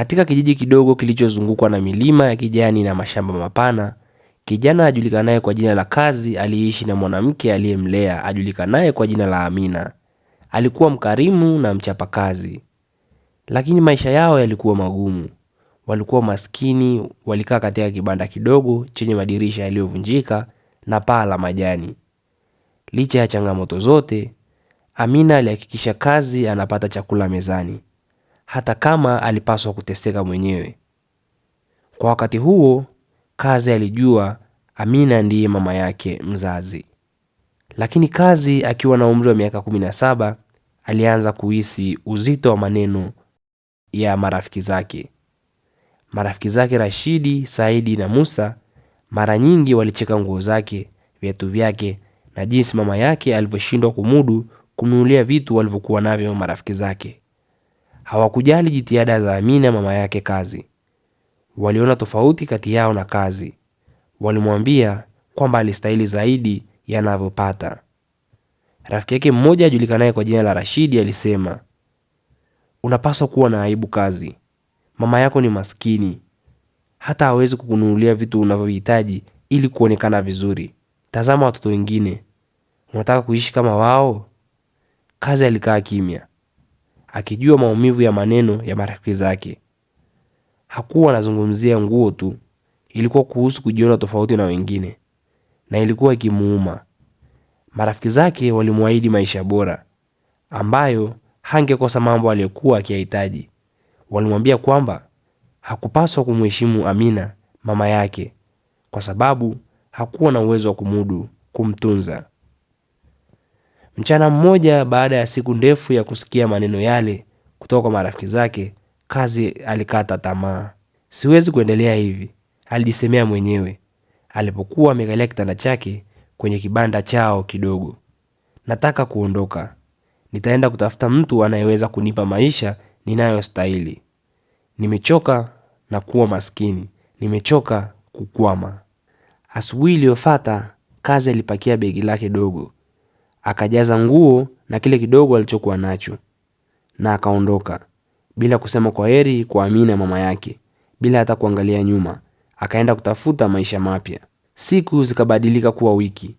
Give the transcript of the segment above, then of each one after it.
Katika kijiji kidogo kilichozungukwa na milima ya kijani na mashamba mapana, kijana ajulikanaye kwa jina la Kazi aliishi na mwanamke aliyemlea ajulikanaye kwa jina la Amina. Alikuwa mkarimu na mchapakazi, lakini maisha yao yalikuwa magumu. Walikuwa maskini, walikaa katika kibanda kidogo chenye madirisha yaliyovunjika na paa la majani. Licha ya changamoto zote, Amina alihakikisha Kazi anapata chakula mezani hata kama alipaswa kuteseka mwenyewe. Kwa wakati huo, Kazi alijua Amina ndiye mama yake mzazi. Lakini Kazi akiwa na umri wa miaka 17 alianza kuhisi uzito wa maneno ya marafiki zake. Marafiki zake Rashidi, Saidi na Musa mara nyingi walicheka nguo zake, viatu vyake na jinsi mama yake alivyoshindwa kumudu kumnunulia vitu walivyokuwa navyo marafiki zake. Hawakujali jitihada za Amina mama yake Kazi, waliona tofauti kati yao na Kazi. Walimwambia kwamba alistahili zaidi yanavyopata Rafiki yake mmoja ajulikanaye kwa jina la Rashidi alisema, unapaswa kuwa na aibu Kazi, mama yako ni maskini, hata hawezi kukununulia vitu unavyohitaji ili kuonekana vizuri. Tazama watoto wengine, unataka kuishi kama wao? Kazi alikaa kimya akijua maumivu ya maneno ya marafiki zake. Hakuwa anazungumzia nguo tu, ilikuwa kuhusu kujiona tofauti na wengine, na ilikuwa ikimuuma. Marafiki zake walimwahidi maisha bora ambayo hangekosa mambo aliyokuwa akiyahitaji. Walimwambia kwamba hakupaswa kumheshimu Amina, mama yake, kwa sababu hakuwa na uwezo wa kumudu kumtunza. Mchana mmoja baada ya siku ndefu ya kusikia maneno yale kutoka kwa marafiki zake, Kazi alikata tamaa. Siwezi kuendelea hivi, alijisemea mwenyewe alipokuwa amekalia kitanda chake kwenye kibanda chao kidogo. Nataka kuondoka, nitaenda kutafuta mtu anayeweza kunipa maisha ninayostahili. Nimechoka na kuwa maskini, nimechoka kukwama. Asubuhi iliyofuata Kazi alipakia begi lake dogo akajaza nguo na kile kidogo alichokuwa nacho na akaondoka bila kusema kwa heri kwa Amina mama yake, bila hata kuangalia nyuma, akaenda kutafuta maisha mapya. Siku zikabadilika kuwa wiki,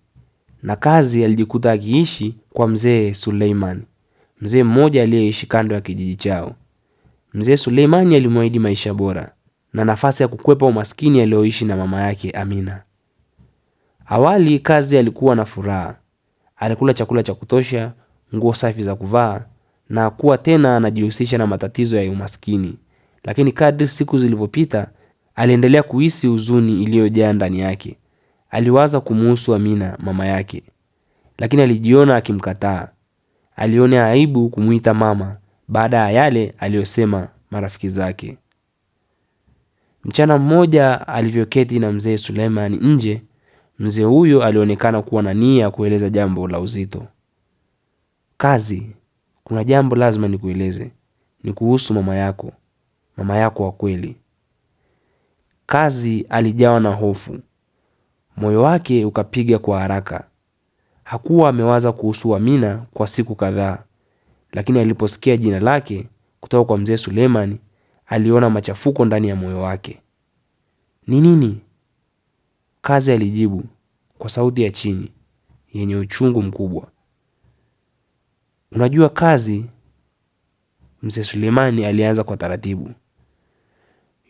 na kazi alijikuta akiishi kwa mzee Suleiman, mzee mmoja aliyeishi kando ya kijiji chao. Mzee Suleimani alimwahidi maisha bora na nafasi ya kukwepa umaskini aliyoishi na mama yake Amina. Awali kazi alikuwa na furaha, alikula chakula cha kutosha, nguo safi za kuvaa na kuwa tena anajihusisha na matatizo ya umaskini. Lakini kadri siku zilivyopita, aliendelea kuhisi huzuni iliyojaa ndani yake. Aliwaza kumuhusu Amina mama yake, lakini alijiona akimkataa. Aliona aibu kumuita mama baada ya yale aliyosema marafiki zake. Mchana mmoja alivyoketi na mzee Suleimani nje, Mzee huyo alionekana kuwa na nia ya kueleza jambo la uzito. Kazi, kuna jambo lazima nikueleze. Ni kuhusu mama yako, mama yako wa kweli. Kazi alijawa na hofu, moyo wake ukapiga kwa haraka. Hakuwa amewaza kuhusu Amina kwa siku kadhaa, lakini aliposikia jina lake kutoka kwa mzee suleiman aliona machafuko ndani ya moyo wake. Ni nini? Kazi alijibu kwa sauti ya chini yenye uchungu mkubwa. Unajua kazi, Mzee Sulemani alianza kwa taratibu.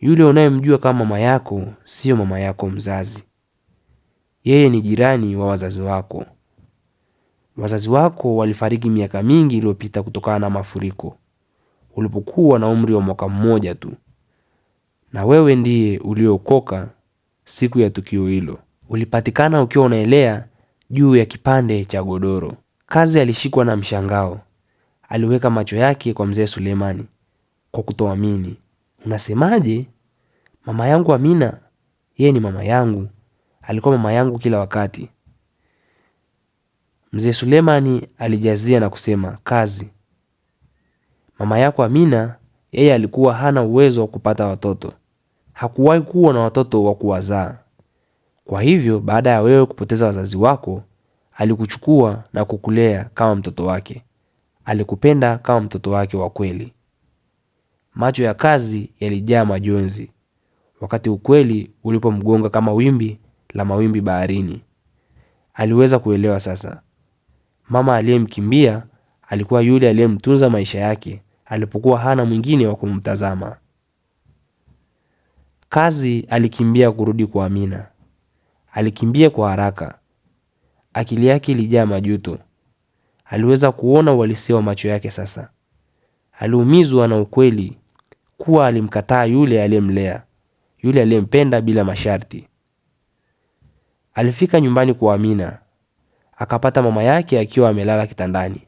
Yule unayemjua kama mama yako sio mama yako mzazi. Yeye ni jirani wa wazazi wako. Wazazi wako walifariki miaka mingi iliyopita kutokana na mafuriko ulipokuwa na umri wa mwaka mmoja tu, na wewe ndiye uliokoka siku ya tukio hilo. Ulipatikana ukiwa unaelea juu ya kipande cha godoro. Kazi alishikwa na mshangao, aliweka macho yake kwa mzee Sulemani kwa kutoamini. Unasemaje? Mama yangu Amina? Yeye ni mama yangu, alikuwa mama yangu kila wakati. Mzee Sulemani alijazia na kusema, kazi, mama yako Amina, yeye alikuwa hana uwezo wa kupata watoto, hakuwahi kuwa na watoto wa kuwazaa. Kwa hivyo baada ya wewe kupoteza wazazi wako, alikuchukua na kukulea kama mtoto wake. Alikupenda kama mtoto wake wa kweli. Macho ya kazi yalijaa majonzi wakati ukweli ulipomgonga kama wimbi la mawimbi baharini. Aliweza kuelewa sasa. Mama aliyemkimbia alikuwa yule aliyemtunza maisha yake alipokuwa hana mwingine wa kumtazama. Kazi alikimbia kurudi kwa Amina. Alikimbia kwa haraka. Akili yake ilijaa majuto. Aliweza kuona uhalisia wa macho yake sasa. Aliumizwa na ukweli kuwa alimkataa yule aliyemlea, yule aliyempenda bila masharti. Alifika nyumbani kwa Amina, akapata mama yake akiwa amelala kitandani,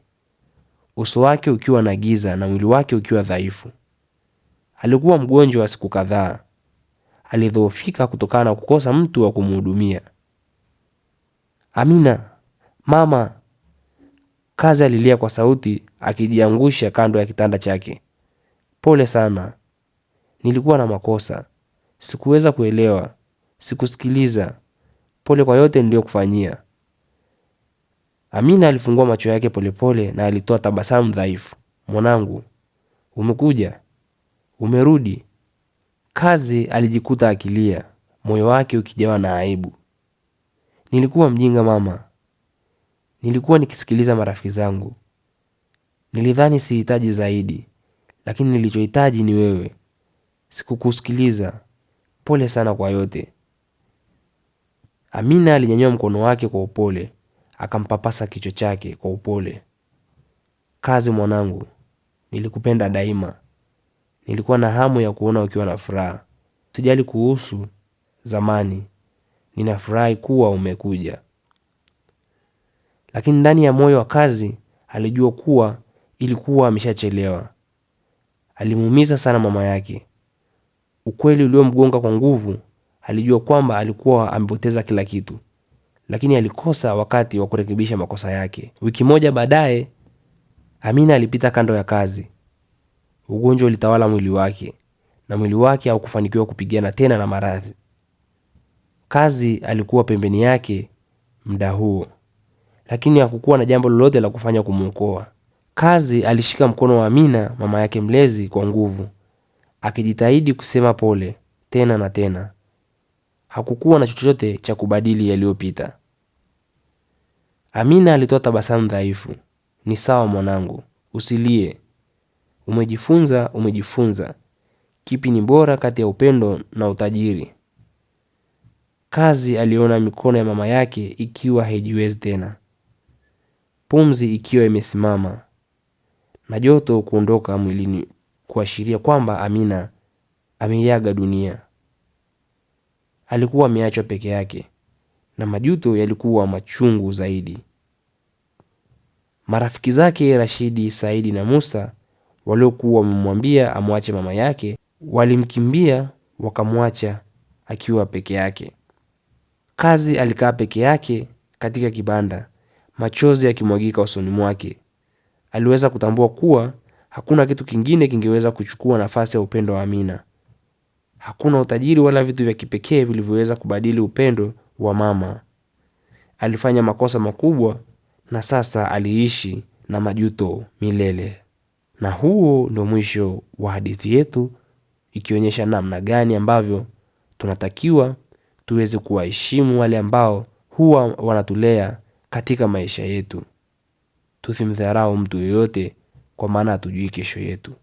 uso wake ukiwa na giza na mwili wake ukiwa dhaifu. Alikuwa mgonjwa wa siku kadhaa, alidhoofika kutokana na kukosa mtu wa kumhudumia. Amina, mama, Kazi alilia kwa sauti akijiangusha kando ya kitanda chake. Pole sana, nilikuwa na makosa, sikuweza kuelewa, sikusikiliza. Pole kwa yote niliyokufanyia. Amina alifungua macho yake polepole na alitoa tabasamu dhaifu. Mwanangu, umekuja, umerudi. Kazi alijikuta akilia, moyo wake ukijawa na aibu. Nilikuwa mjinga mama, nilikuwa nikisikiliza marafiki zangu, nilidhani sihitaji zaidi, lakini nilichohitaji ni wewe. Sikukusikiliza, pole sana kwa yote. Amina alinyanyua mkono wake kwa upole, akampapasa kichwa chake kwa upole. Kazi mwanangu, nilikupenda daima. Nilikuwa na hamu ya kuona ukiwa na furaha. Sijali kuhusu zamani. Ninafurahi kuwa umekuja. Lakini ndani ya moyo wa kazi alijua kuwa ilikuwa ameshachelewa. Alimuumiza sana mama yake. Ukweli uliomgonga kwa nguvu, alijua kwamba alikuwa amepoteza kila kitu. Lakini alikosa wakati wa kurekebisha makosa yake. Wiki moja baadaye, Amina alipita kando ya kazi. Ugonjwa ulitawala mwili wake na mwili wake haukufanikiwa kupigana tena na maradhi. Kazi alikuwa pembeni yake muda huo, lakini hakukuwa na jambo lolote la kufanya kumwokoa. Kazi alishika mkono wa Amina, mama yake mlezi, kwa nguvu, akijitahidi kusema pole tena na tena. Hakukuwa na chochote cha kubadili yaliyopita. Amina alitoa tabasamu dhaifu. Ni sawa mwanangu, usilie. Umejifunza, umejifunza. Kipi ni bora kati ya upendo na utajiri? Kazi aliona mikono ya mama yake ikiwa haijiwezi tena, pumzi ikiwa imesimama na joto kuondoka mwilini, kuashiria kwamba Amina ameiaga dunia. Alikuwa ameachwa peke yake na majuto yalikuwa machungu zaidi. Marafiki zake Rashidi, Saidi na Musa waliokuwa wamemwambia amwache mama yake walimkimbia wakamwacha akiwa peke yake. Kazi alikaa peke yake katika kibanda, machozi yakimwagika usoni mwake. Aliweza kutambua kuwa hakuna kitu kingine kingeweza kuchukua nafasi ya upendo wa Amina. Hakuna utajiri wala vitu vya kipekee vilivyoweza kubadili upendo wa mama. Alifanya makosa makubwa na sasa aliishi na majuto milele. Na huo ndio mwisho wa hadithi yetu ikionyesha namna gani ambavyo tunatakiwa tuweze kuwaheshimu wale ambao huwa wanatulea katika maisha yetu. Tusimdharau mtu yoyote kwa maana hatujui kesho yetu.